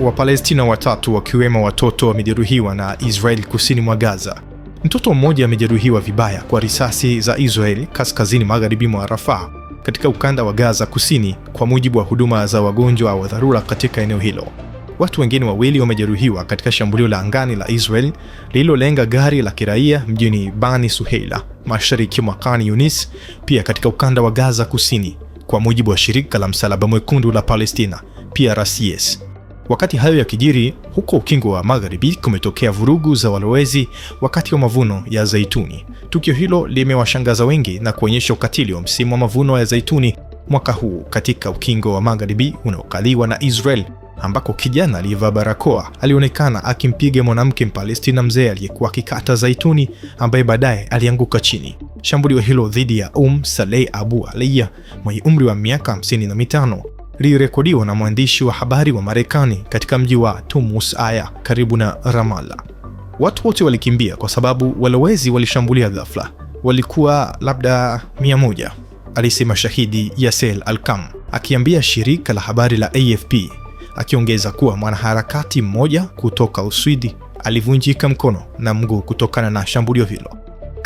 Wapalestina watatu wakiwemo watoto wamejeruhiwa na Israel kusini mwa Gaza. Mtoto mmoja amejeruhiwa vibaya kwa risasi za Israel kaskazini magharibi mwa Rafah katika ukanda wa Gaza kusini, kwa mujibu wa huduma za wagonjwa wa dharura katika eneo hilo. Watu wengine wawili wamejeruhiwa katika shambulio la angani la Israel lililolenga gari la kiraia mjini Bani Suheila, mashariki mwa Khan Yunis, pia katika ukanda wa Gaza kusini, kwa mujibu wa shirika la Msalaba Mwekundu la Palestina, PRCS. Wakati hayo yakijiri, huko ukingo wa magharibi kumetokea vurugu za walowezi wakati wa mavuno ya zaituni. Tukio hilo limewashangaza wengi na kuonyesha ukatili wa msimu wa mavuno ya zaituni mwaka huu katika ukingo wa magharibi unaokaliwa na Israel, ambako kijana aliyevaa barakoa alionekana akimpiga mwanamke Mpalestina mzee aliyekuwa akikata zaituni ambaye baadaye alianguka chini. Shambulio hilo dhidi ya Um Saleh Abu Aliya mwenye umri wa miaka 55 lilirekodiwa na mwandishi wa habari wa Marekani katika mji wa Tumus Aya karibu na Ramala. Watu wote walikimbia kwa sababu walowezi walishambulia ghafla. Walikuwa labda mia moja, alisema shahidi Yasel Alkam akiambia shirika la habari la AFP, akiongeza kuwa mwanaharakati mmoja kutoka Uswidi alivunjika mkono na mguu kutokana na shambulio hilo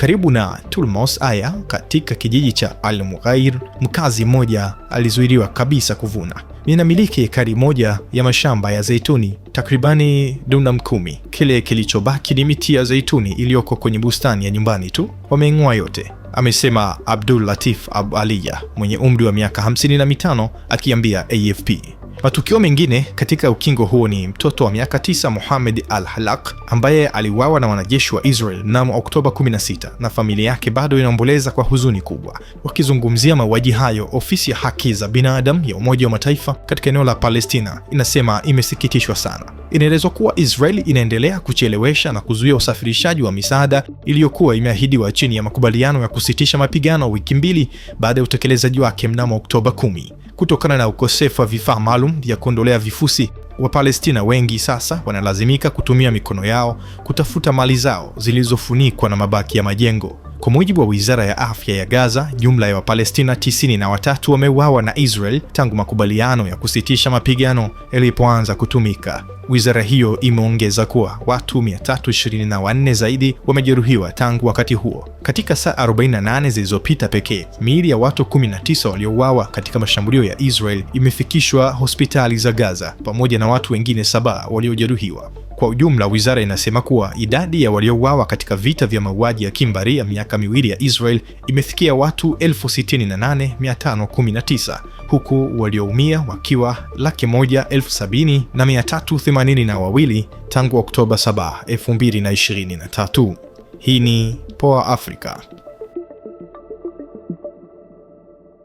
karibu na Tulmos Aya katika kijiji cha Al-Mughair, mkazi mmoja alizuiliwa kabisa kuvuna. Ninamiliki ekari moja ya mashamba ya zeituni takribani dunam kumi. Kile kilichobaki ni miti ya zeituni iliyoko kwenye bustani ya nyumbani tu, wamengoa yote, amesema Abdul Latif Abu Aliya mwenye umri wa miaka 55 akiambia AFP. Matukio mengine katika ukingo huo ni mtoto wa miaka tisa Mohamed al halak ambaye aliuawa na wanajeshi wa Israel mnamo Oktoba 16 na familia yake bado inaomboleza kwa huzuni kubwa. Wakizungumzia mauaji hayo, ofisi ya haki za binadamu ya Umoja wa Mataifa katika eneo la Palestina inasema imesikitishwa sana. Inaelezwa kuwa israel inaendelea kuchelewesha na kuzuia usafirishaji wa misaada iliyokuwa imeahidiwa chini ya makubaliano ya kusitisha mapigano wiki mbili baada ya utekelezaji wake mnamo Oktoba 10 kutokana na ukosefu wa vifaa maalum vya kuondolea vifusi. Wapalestina wengi sasa wanalazimika kutumia mikono yao kutafuta mali zao zilizofunikwa na mabaki ya majengo. Kwa mujibu wa wizara ya afya ya Gaza, jumla ya Wapalestina tisini na watatu wameuawa na Israel tangu makubaliano ya kusitisha mapigano yalipoanza kutumika. Wizara hiyo imeongeza kuwa watu 324 zaidi wamejeruhiwa tangu wakati huo. Katika saa 48 zilizopita pekee, miili ya watu 19 waliouawa katika mashambulio ya Israel imefikishwa hospitali za Gaza pamoja na watu wengine saba waliojeruhiwa. Kwa ujumla, wizara inasema kuwa idadi ya waliouawa katika vita vya mauaji ya kimbari ya miaka miwili ya Israel imefikia watu 68519 huku walioumia wakiwa laki moja elfu sabini na mia tatu themanini na wawili tangu Oktoba 7, 2023. Hii ni Poa Afrika.